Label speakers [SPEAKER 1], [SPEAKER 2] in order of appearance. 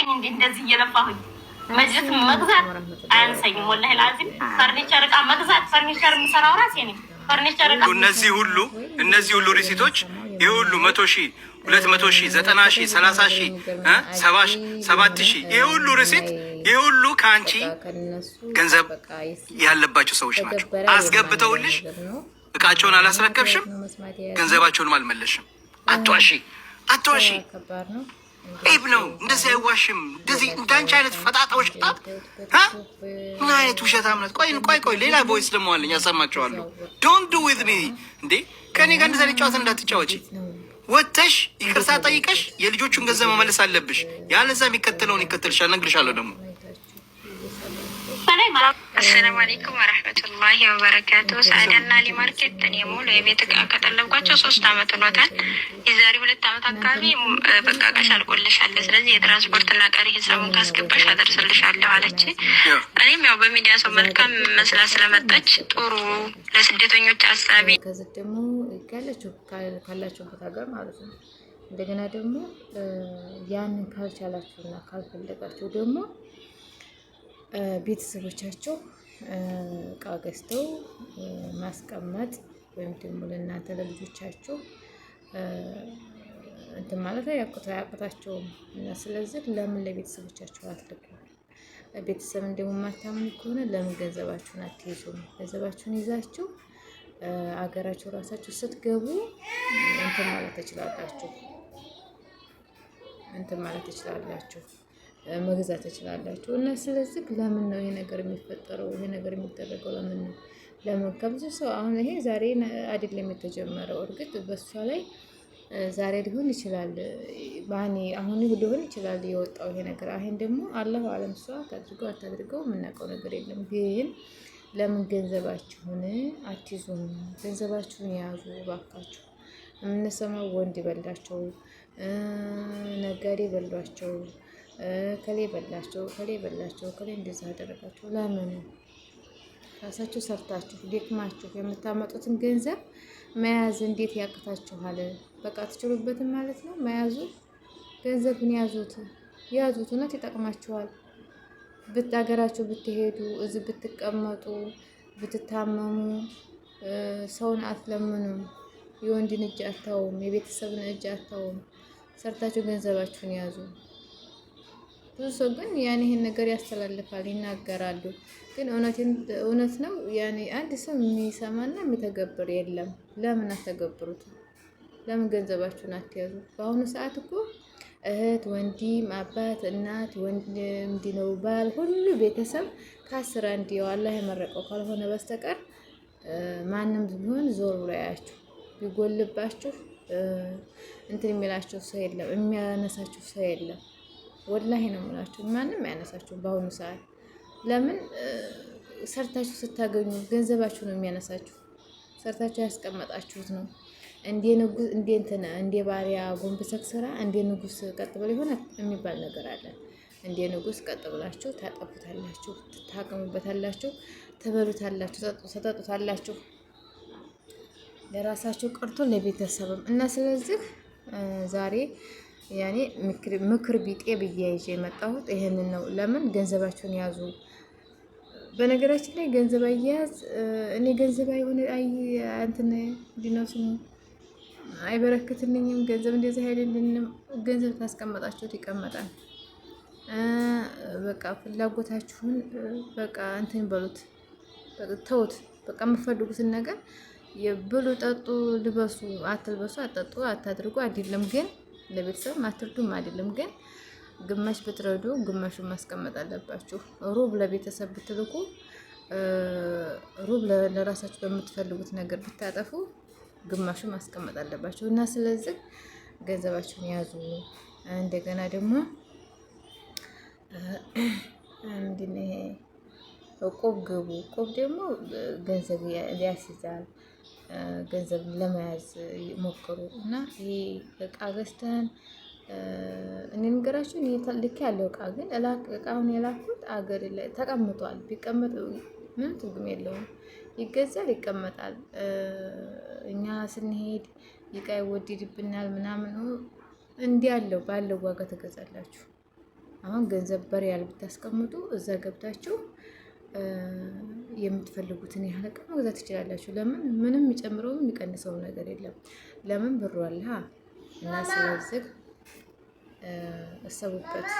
[SPEAKER 1] አንተኝ እንዴ እንደዚህ እየለፋሁኝ መጅት መግዛት አያንሰኝም። ወላሂ ላዚም ፈርኒቸር እቃ መግዛት ፈርኒቸር የምሰራው ራሴ ነኝ። ፈርኒቸር እቃ
[SPEAKER 2] እነዚህ ሁሉ እነዚህ ሁሉ ሪሲቶች ይህ ሁሉ መቶ ሺህ ሁለት መቶ ሺህ ዘጠና ሺህ ሰላሳ ሺህ ሰባ ሰባት ሺህ ይህ ሁሉ ሪሲት ይህ ሁሉ ከአንቺ ገንዘብ ያለባቸው ሰዎች ናቸው። አስገብተውልሽ እቃቸውን አላስረከብሽም፣ ገንዘባቸውንም አልመለሽም። አቷሺ አቷሺ ጤፍ ነው። እንደዚህ አይዋሽም። እንደዚህ እንዳንቺ አይነት ፈጣጣ ውሸታ ምን አይነት ውሸት እምነት። ቆይን ቆይ ቆይ፣ ሌላ ቮይስ ደግሞ አለኝ ያሰማቸዋለሁ። ዶንት ዱ ዊዝ ሚ እንዴ፣ ከእኔ ጋር እንደዛ ጨዋታ እንዳትጫወጪ። ወጥተሽ ይቅርታ ጠይቀሽ የልጆቹን ገንዘብ መመለስ አለብሽ። ያለዛ የሚከተለውን ይከተልሻል። እነግርሻለሁ ደግሞ አሰላሙ አሌይኩም ወረህመቱላሂ ወበረካቱ። ሳዕዳና አሊ ማርኬት እኔ ሙሉ የቤት እቃ ከጠለብኳቸው ሶስት አመት ሆኖታል። የዛሬ ሁለት አመት አካባቢ በቃ እቃሽ አልቆልሻለ፣ ስለዚህ የትራንስፖርትና ቀሪ ሂሳቡን ካስገባሽ አደርስልሻለሁ አለች። እኔም ያው በሚዲያ ሰው መልካም መስላ ስለመጣች ጥሩ ለስደተኞች አሳቢ ከዚህ ደግሞ ካለችው ካላችሁበት ሀገር ማለት ነው እንደገና ደግሞ ያንን ካልቻላችሁና ካልፈለጋችሁ ደግሞ ቤተሰቦቻቸው እቃ ገዝተው ማስቀመጥ ወይም ደግሞ ለእናንተ ለልጆቻችሁ እንትን ማለት አያቅታቸውም። ስለዚህ ለምን ለቤተሰቦቻቸው አትልኩም? ቤተሰብ እንደውም የማታምኑ ከሆነ ለምን ገንዘባችሁን አትይዙም? ገንዘባችሁን ይዛችሁ አገራችሁ ራሳችሁ ስትገቡ እንትን ማለት ትችላላችሁ እንትን ማለት ትችላላችሁ። መግዛት ትችላላችሁ። እና ስለዚህ ለምን ነው ይሄ ነገር የሚፈጠረው? ይሄ ነገር የሚደረገው ለምን ነው? ለምን ከብዙ ሰው አሁን ይሄ ዛሬ አይደለም የተጀመረው። እርግጥ በእሷ ላይ ዛሬ ሊሆን ይችላል ባኔ አሁን ሊሆን ይችላል የወጣው ይሄ ነገር። ይሄን ደግሞ አላሁ አለም እሷ ታድርገው አታድርገው የምናውቀው ነገር የለም ግን ለምን ገንዘባችሁን አትይዙም? ገንዘባችሁን ያዙ ባካችሁ። የምንሰማው ወንድ ይበላቸው፣ ነጋዴ ይበሏቸው። ከሌ በላቸው፣ ከሌ በላቸው፣ ከሌ እንደዛ አደረጋቸው ለምን? ራሳችሁ ሰርታችሁ ደክማችሁ የምታመጡትን ገንዘብ መያዝ እንዴት ያቅታችኋል? በቃ አትችሉበትም ማለት ነው። መያዙ ገንዘብን ያዙት፣ ያዙት። እውነት ይጠቅማችኋል። ብታገራችሁ ብትሄዱ፣ እዚህ ብትቀመጡ፣ ብትታመሙ፣ ሰውን አትለምኑም። የወንድን እጅ አታውም፣ የቤተሰብን እጅ አታውም። ሰርታችሁ ገንዘባችሁን ያዙ። ብዙ ሰው ግን ያን ይሄን ነገር ያስተላልፋል፣ ይናገራሉ። ግን እውነት ነው። ያኔ አንድ ሰው የሚሰማና የሚተገብር የለም። ለምን አተገብሩት? ለምን ገንዘባችሁን አትያዙ? በአሁኑ ሰዓት እኮ እህት፣ ወንድም፣ አባት፣ እናት፣ እንዲነው ባል፣ ሁሉ ቤተሰብ ከአስር አንድ ያው አላህ የመረቀው ካልሆነ በስተቀር ማንም ቢሆን ዞር ብሎ ያያችሁ ቢጎልባችሁ እንትን የሚላችሁ ሰው የለም፣ የሚያነሳችሁ ሰው የለም። ወላሂ ነው የምላችሁ። ማንም አያነሳችሁም በአሁኑ ሰዓት። ለምን ሰርታችሁ ስታገኙ ገንዘባችሁ ነው የሚያነሳችሁ። ሰርታችሁ ያስቀመጣችሁት ነው እንዴ ንጉስ እንዴ እንትን እንዴ ባሪያ ጎንብሰክ ስራ እንዴ ንጉስ ቀጥ ብሎ የሆነ የሚባል ነገር አለ። እንዴ ንጉስ ቀጥ ብላችሁ ታጠቡታላችሁ፣ ታቀሙበታላችሁ፣ ትበሉታላችሁ፣ ተጠጡታላችሁ ለራሳችሁ ቀርቶ ለቤተሰብም እና ስለዚህ ዛሬ ያኔ ምክር ቢጤ ብዬ ይዤ የመጣሁት ይህንን ነው። ለምን ገንዘባቸውን ያዙ። በነገራችን ላይ ገንዘብ አያያዝ እኔ ገንዘብ አይሆን አይ እንትን ዲኖስ አይበረክትልኝም። ገንዘብ እንደዚህ አይደለንም። ገንዘብ ታስቀመጣችሁት ይቀመጣል። በቃ ፍላጎታችሁን በቃ እንትን በሉት፣ ተውት። በቃ የምፈልጉትን ነገር ብሉ፣ ጠጡ፣ ልበሱ። አትልበሱ፣ አትጠጡ፣ አታድርጉ አይደለም ግን ለቤተሰብ አትርዱም አይደለም፣ ግን ግማሽ ብትረዱ ግማሹን ማስቀመጥ አለባችሁ። ሩብ ለቤተሰብ ብትልኩ፣ ሩብ ለራሳችሁ በምትፈልጉት ነገር ብታጠፉ፣ ግማሹን ማስቀመጥ አለባችሁ እና ስለዚህ ገንዘባችሁን ያዙ። እንደገና ደግሞ ምንድን ይሄ ቆብ ግቡ። ቆብ ደግሞ ገንዘብ ሊያስይዛል። ገንዘብ ለመያዝ ሞክሩ እና ይሄ እቃ ገዝተን እኔ ንገራችሁ ልክ ያለው እቃ ግን እቃውን የላኩት አገር ተቀምጧል። ቢቀመጥ ምንም ትርጉም የለውም። ይገዛል፣ ይቀመጣል። እኛ ስንሄድ እቃ ይወደድብናል ምናምን እንዲህ ያለው ባለው ዋጋ ትገዛላችሁ። አሁን ገንዘብ በሪያል ብታስቀምጡ እዛ ገብታችሁ የምትፈልጉትን ያህል ዕቃ መግዛት ትችላላችሁ። ለምን ምንም የሚጨምረው የሚቀንሰው ነገር የለም። ለምን ብሩ አለ እና ስለዚህ እሰቡበት።